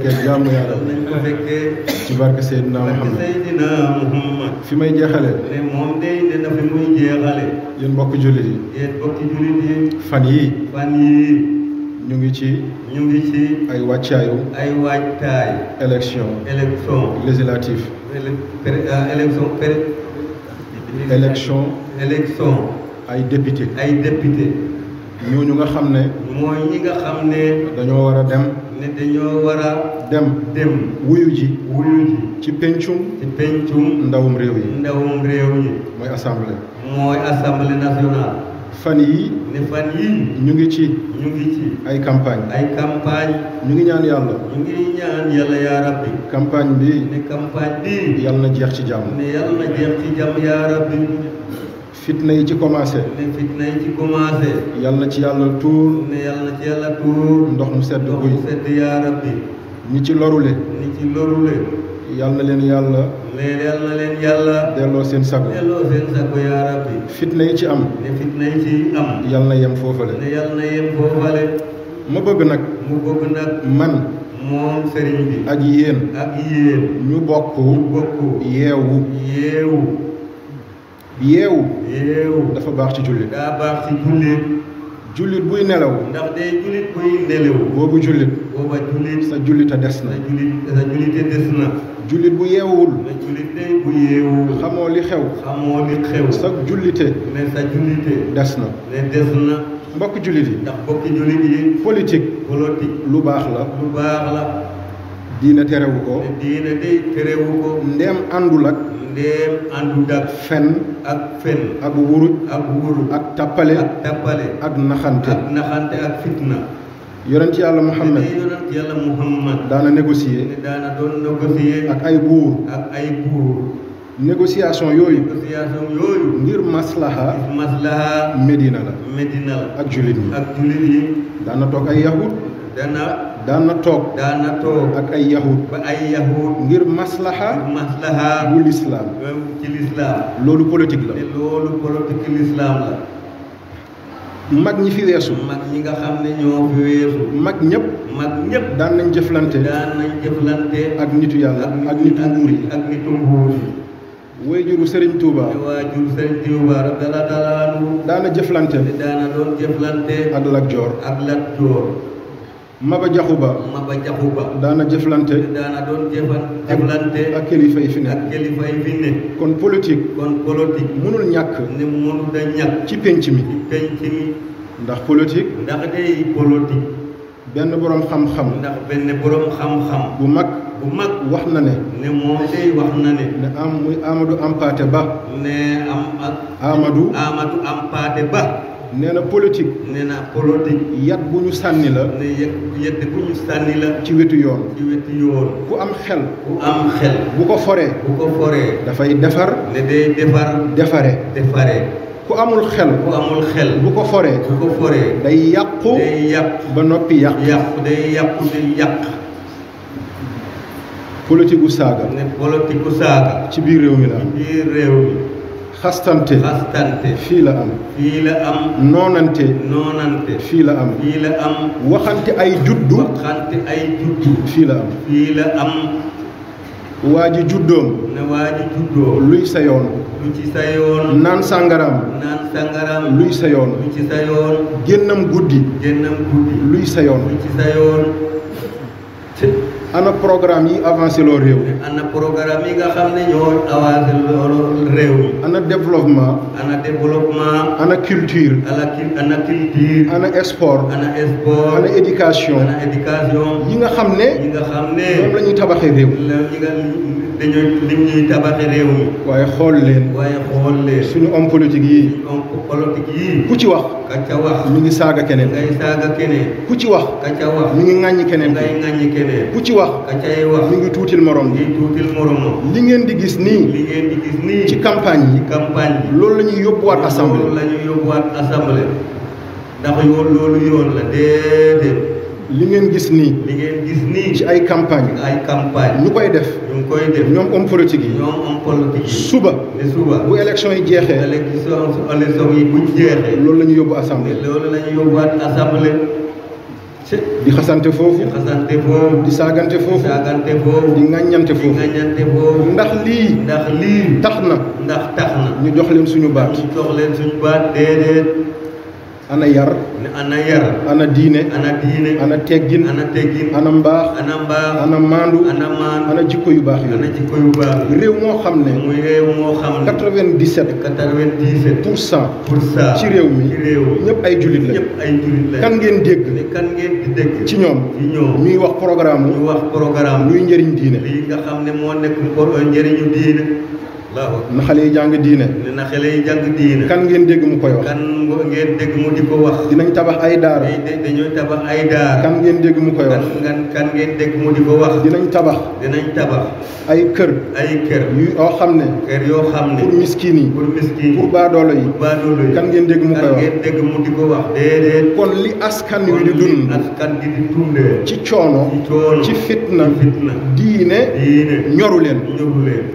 fekkee jàmm yàlla ci barke Seydina Muhammad fi may jeexalee ne moom day ne dafa muy jeexale yéen mbokk jullit yi yéen mbokk jullit yi fan yi fan yi ñu ngi ci ñu ngi ci ay wàccaayu ay wàccaay élection élection législative élection élection élection ay député ay député ñooñu nga xam ne mooy ñi nga xam ne dañoo war a dem ne dañoo war dem dem wuyu ji. wuyu ji ci pencum. ci ndawum réew yi. ndawum réew yi. mooy assemblée. mooy assemblée nationale. fan yi ñu ngi ci. ay campagne ay campagne ñu ngi ñaan yàlla. ñu campagne bi. yàlla na jeex ci jàmm. ne yàlla na jeex ci jàmm yaa rabbi. fitna yi ci commencé. ci commencé. yal na ci yàlla tuur. na ci yàlla tuur. ndox mu sedd guy ndox mu sedd yaa ci lorule. ñi ci lorule. yal na leen yàlla. mais na leen yàlla. delloo seen sago. delloo seen sago yaa rabbi. fitna ci am. ne fitna yi ci am. yal na yem foofale. ne yal ma bëgg nag. mu bëgg nag. man. moom sëriñ bi. ak yéen. ak ñu bokk. ñu bokk yeewu. yeewu. yeewu. yeewu dafa baax ci jullit. daa baax ci jullit. buy nelaw. ndax day jullit boobu jullit. sa jullit des na. sa jullit des na. jullit bu yeewul. sa xamoo li xew. xamoo li xew. sa jullite. des na. mais des mbokk jullit yi. ndax mbokk jullit lu baax la. lu baax la. diine terewu ko. diine ko. ndeem àndul ak. ndeem àndul ak. fen. ak fen. ak wuruj. ak wuruj ak tappale. ak tappale. ak naxante. naxante ak fitna. yonent yàlla Muhammad yonent yàlla Muhammad daana négocier. daana doon ak ay buur. négociation yooyu. ngir maslaha. maslaha. Medina la. Medina ak jullit yi. ak jullit yi. daana toog ay yahud. daan na toog daan na toog ak ay yahud ngir maslaha maslaha bu lislaam ci loolu politique la loolu la mag ñi fi weesu mag ñi nga xam ne mag ñëpp mag ñëpp daan nañ jëflante daan nañ jëflante ak nitu yàlla ak nitu jëflante daana ak Lat Maba Jaxu Ba. Maba Jaxu Ba. daana jëflante. daana doon jëfan jëflante. ak kilifa yi fi ne. kon politique. kon politique. mënul ñàkk. ni mënul da ñàkk. ci penc mi. ndax politique. ndax day politique. benn borom xam-xam. ndax benn borom bu mag. bu mag wax na ne. ne moom day wax na ne. ne am muy Amadou Hampâté Bâ. ne am ak. Amadou. Amadou Hampâté Bâ. nee na politique. nee na politique. yat bu ñu sànni la. ne la. ci wetu yoon. ci wetu yoon. ku am xel. bu ko foree. bu dafay defar. ne day defar. defare. ku amul xel. bu ko foree. bu ko foree. day yàqu. ba noppi yàq. yàqu day yàqu day yàq. politique gu saaga. ne ci biir réew mi la. biir réew mi. xastante xastante fii la am fii la am noonante noonante fii la am waxante ay juddu waxante ay juddu fii la am fii la am waa ji juddoom ne waa ji luy sa yoon naan sàngaraam luy sa yoon génnam guddi génnam guddi luy sa yoon ana programme yi avancer loo réew. ana programme yi nga xam ne ñoo avancé loolu réew. ana développement. ana développement. ana culture. ana culture. ana sport. ana sport. ana éducation. ana éducation. yi nga xam yi nga xam ne. lañuy tabaxé rew dañoo lim ñuy tabaxi réew mi. waaye xool leen. waaye xool leen. suñu homme politique yii. homme politique yii. ku ci wax. ka ca wax mi ngi saaga keneen. ngay saaga keneen. ku ci wax. ka ca wax mi ngi ŋàññi keneen. ngay ŋàññi keneen. ku ci wax. ka wax mi ngi tuutil morom. ngi tuutil morom. li ngeen di gis nii. li ci campagne yi. campagne loolu la ñuy yóbbuwaat assemblée. loolu la ñuy yóbbuwaat assemblée. ndax yoon loolu yoon la déedéet. li ngeen gis ni campagne ay campagne politique politique suba. suba bu élection yi yi loolu assemblée. loolu assemblée. ana yar ana yar ana diine ana diine ana teggin ana teggin ana mbaax ana maandu ana jikko yu baax yi yu réew moo xam ne muy réew moo xam ne quatre-vingt-dix-sept quatre vingt pour cent pour cent ci réew mi ci ñëpp ay jullit la kan ngeen dégg kan ngeen di ci ñoom ci ñoom ñuy wax programme ñuy wax programme luy njëriñ diine lii nga xam diine na xale yi jàng diine. na xale yi jàng diine. kan ngeen dégg mu koy wax. kan ngeen dégg di ko wax. dinañ tabax ay daara. dañuy tabax ay daara. kan ngeen dégg mu koy wax. kan kan ngeen dégg di ko wax. dinañ tabax. dinañ tabax. ay kër. ay kër yoo xam ne. kër xam ne. pour miskin yi. pour miskin yi pour baadoolo yi. baadoolo yi kan ngeen dégg mu di ko wax. déedéet. kon li as kan bi dund. askan wi di dundee. ci coono. ci coono ci fitna. fitna diine. ñoru leen. ñoru leen.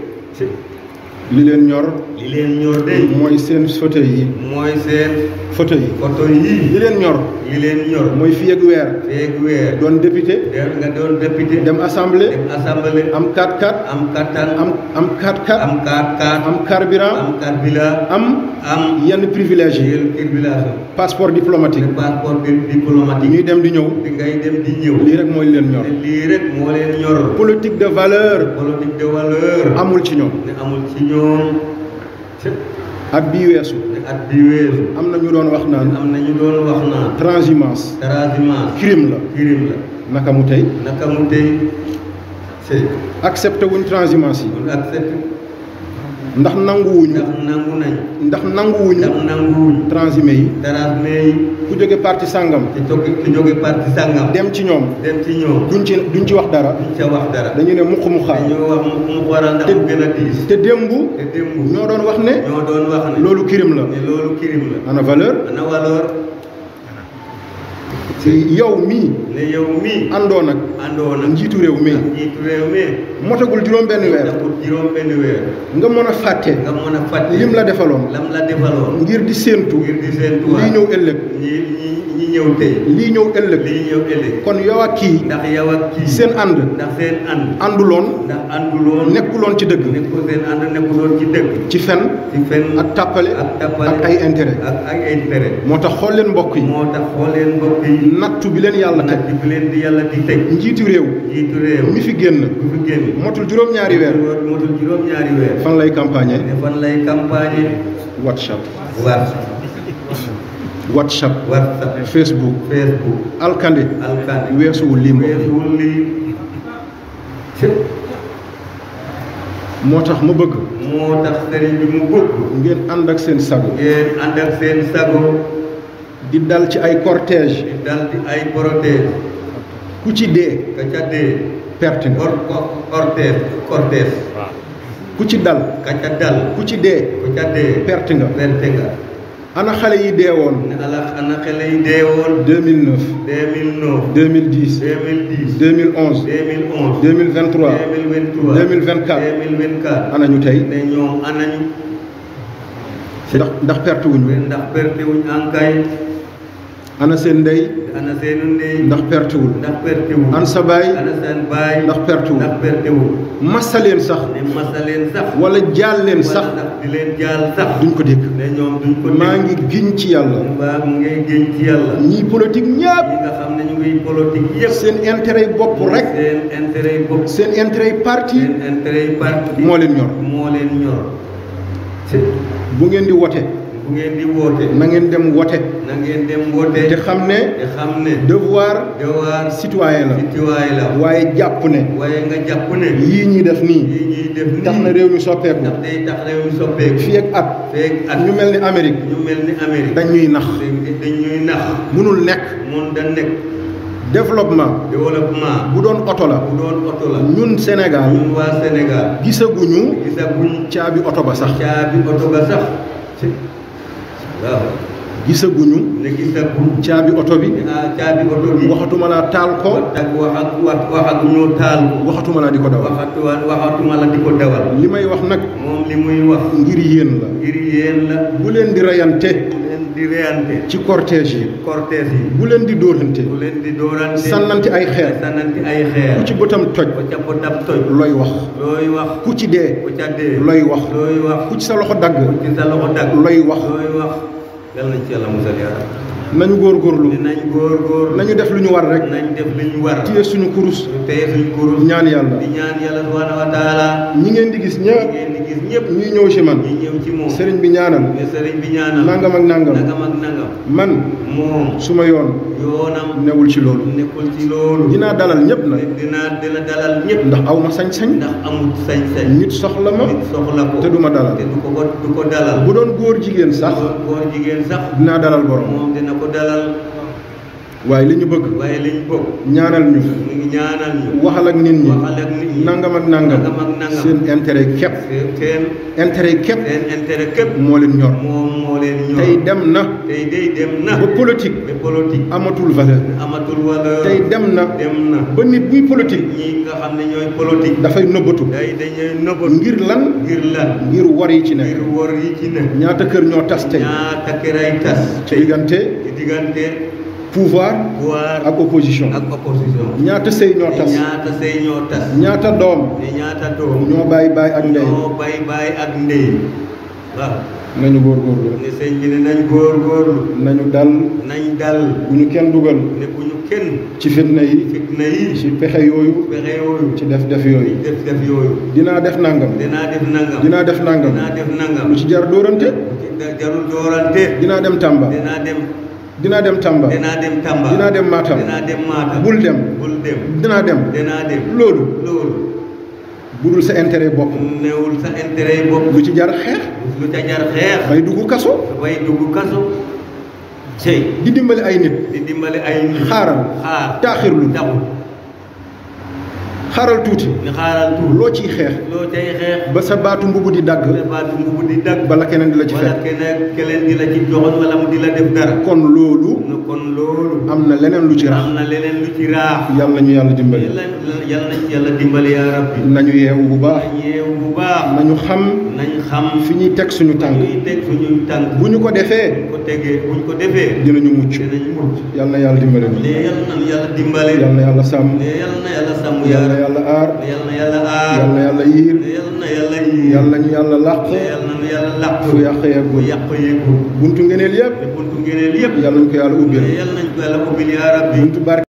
li leen ñor li leen ñor de. mooy seen fauteuil yi. moy sen fauteuil yi fauteuil yi. li len ñor. li len ñor. moy fi ak weer. fii ak weer. doon député. dem nga doon député. dem assemblée. dem assemblée. am 4-4. am 4-4. am am 4-4. am 4-4. am carburant. am carburant. am. am yenn privilège yi. yenn privilège passeport diplomatique. passeport diplomatique. ñuy dem di ñëw. di ngay dem di ñëw. li rek mooy len ñor. li rek moo len ñor. politique de valeur. politique de valeur. amul ci ñoom. amul ci ñom at bii ak at bii weesu. am na ñu doon wax naan. am na ñu doon wax naan. transhumance. transhumance. crime la. crime la naka mu tey. naka mu tey. accepté wuñ transhumance yi. ndax nanguwuñu. ndax nangu ndax nanguwuñu. ndax nanguwuñu. transhumé yi. transhumé yi. ku jóge parti sàngam. te jóge ku jóge dem ci ñoom. dem ci ñoom. duñ ci duñ ci wax dara. wax dara. dañu ne muq mu xaar. dañu a diis. te démb. te ñoo doon wax ne. loolu kirim la. te loolu kirim la. ana valeur. valeur. ci yow mii. ne yow nag. àndoo nag njiitu réew mii. njiitu réew mii. motagul juróom-benn weer. nga mën a fàtte. nga mën a fàtte lim la defaloon. la defaloon. ngir di séentu. ngir di séentu lii ñëw ëllëg. ñii ñii ñëw lii ñëw ëllëg. lii ñëw kon yow ak kii. yow seen ànd. seen ànd. ànduloon. ndax ànduloon. nekkuloon ci dëgg. ci dëgg. ci fen. ci fen ak tàppale. ak ay intérêt. ak ay intérêt. moo tax xool leen mbokk yi. moo tax xool leen mbokk yi nattu bi leen yàlla teg bi leen di yàlla di teg njiitu réew njiitu réew mi fi génn mi fi génn motul juróom ñaari weer motul juróom ñaari weer fan lay campagne fan lay campagne whatsapp whatsapp whatsapp whatsapp facebook facebook alkande alkande weesuwul lii weesuwul lii moo tax ma bëgg moo tax sëriñ bi mu bëgg ngeen ànd ak seen sago ngeen ànd ak seen sago di dal ci ay cortège di dal di ay cortège ku ci dé ka ca dé perte or cortège cortège ku ci dal ka ca dal ku ci dé ku ca dé perte nga perte nga ana xalé yi dee woon ana xalé yi dé won 2009 2009 2010 2010 2011 2011 2023 2023 2024 2024 ana ñu tay né ñom ana ñu ndax ndax perte wuñu ndax perte wuñu ankay ana seen ndey. ana seen ndey. ndax perte wul. sa baay. ana seen baay. ndax perte wul. ndax perte massa leen sax. ne massa leen sax. wala jaal leen sax. wala sax. duñ ko dégg. ne ñoom maa ngi giñ ci yàlla. maa ngi giñ ñii politique ñëpp. ñi nga xam ne ñu seen intérêt bopp rek. seen intérêt seen intérêt parti. seen moo leen ñor. moo leen ñor. bu ngeen di wote. bu ngeen di woote. na ngeen dem woote. na ngeen dem woote. te xam ne. te xam ne. devoir. la. citoyen la waaye jàpp ne. waaye nga jàpp ne. ñuy def nii. yii ñuy tax na réew mi soppeeku. tax day tax réew mi soppeeku. ak at. ñu mel ni Amérique. ñu mel ni Amérique. dañ ñuy nax. dañ ñuy mënul nekk. mun da nekk. développement. bu doon oto la. bu doon la. ñun Sénégal. ñun waa Sénégal. gisaguñu. gisaguñu oto ba sax. caabi oto ba sax. gisaguñu. ne gisaguñu. caabi oto bi. ah caabi oto bi. waxatuma laa taal ko. wax waxaguñoo taal ko. waxatuma laa di ko dawal. la di ko dawal. li may wax nag. moom ngir yéen la. bu leen di rayante. di reyante. ci cortège yi. yi. bu leen di dóorante. bu leen di dóorante. sànnanti ay xeer. ay xeer. ku ci bëtam toj. ku ca bëtam toj. looy wax. wax. ku ci dee. looy wax. ku ci sa loxo dagg. ku looy wax. yàlla nañ ci yàlla musal yaram nañu góorgóorlu nañu góorgóorlu nañu def lu ñu war rek nañu def lu ñu war téye suñu kurus téye suñu kurus ñaan yàlla ñaan yàlla ñi ngeen di gis ñëpp ngeen di ñuy ñëw ci man ñi ci moom sëriñ bi ñaanal sëriñ bi ñaanal nangam ak nangam nangam ak nangam man moom su ma yoon yoonam newul ci loolu nekkul ci loolu dinaa dalal ñëpp nag dinaa dina ñëpp ndax aw ma sañ-sañ ndax amul sañ-sañ nit soxla ma te du ma dalal te du bu doon góor jigéen sax góor jigéen dinaa dalal borom internal waaye li ñu bëgg. waaye li ñu bëgg. ñaanal ñu. mu ngi ñaanal waxal ak nit ñi. waxal ak seen intérêt képp. seen intérêt képp. moo leen ñor. moom moo tey dem na. tey day dem ba politique. amatul valeur. amatul valeur. tey dem na. ba nit buy politique. ñi nga xam ne ñooy politique. dafay nëbbatu. ngir lan. ngir lan yi ci ne. ngir ñaata kër ñoo tas tey. ñaata kër ci diggante. pouvoir. pouvoir ak opposition. ak opposition. ñaata sëy ñoo tas. ñaata sëy ñoo tas. ñaata doom. ñoo bàyyi bàyyi ak ndey. ñoo ak ndey waaw. nañu góor ne sëñ bi nañu dal. nañ dal. bu ñu kenn dugal. ne bu ñu kenn. ci fitna yi. ci pexe yooyu. ci def def yooyu. def def yooyu. dinaa def nangam. dinaa def nangam. dinaa def nangam. dinaa nangam. lu ci jar dóorante. dinaa dem Tamba. dinaa dinaa dem Tamba dinaa dem Tamba dinaa dem Matam dinaa dem Matam bul dem bul dem dinaa dem loolu loolu budul sa intérêt bopp lu ci jar xeex lu ca kaso bay dugg kaso cey di dimbali ay nit dimbali ay nit xaaral xaar taaxirlu xaaral tuuti. ni loo ciy xeex. loo ba sa baatu mbubu di dagg. ba sa baatu di dagg. bala keneen di la ci fekk wala keneen keneen di la ci joxoon wala mu di la def dara. kon loolu. am na leneen lu ci raax. am na leneen lu yàlla ñu yàlla dimbali. yàlla nañ yàlla dimbali yaa rabbi nañu yeewu bu baax yeewu bu baax nañu xam nañ xam fi ñuy teg suñu tànk fi ñuy teg suñu tànk bu ñu ko defee bu ñu ko tegee bu ñu ko defee dinañu mucc dinañu mucc yàlla na yàlla dimbali ñu yàlla na yàlla dimbali yàlla na yàlla sàmm yàlla na yàlla sàmm yàlla na yàlla aar yàlla na yàlla aar yàlla na yàlla yiir yàlla na yàlla yiir yàlla ñu yàlla làq yàlla na yàlla làq fu yàq yeegul yàq yeegul buntu ngeneel yëpp buntu ngeneel yëpp yàlla nañ ko yàlla ubbil yàlla nañ ko yàlla ubbil yaa rabbi buntu barke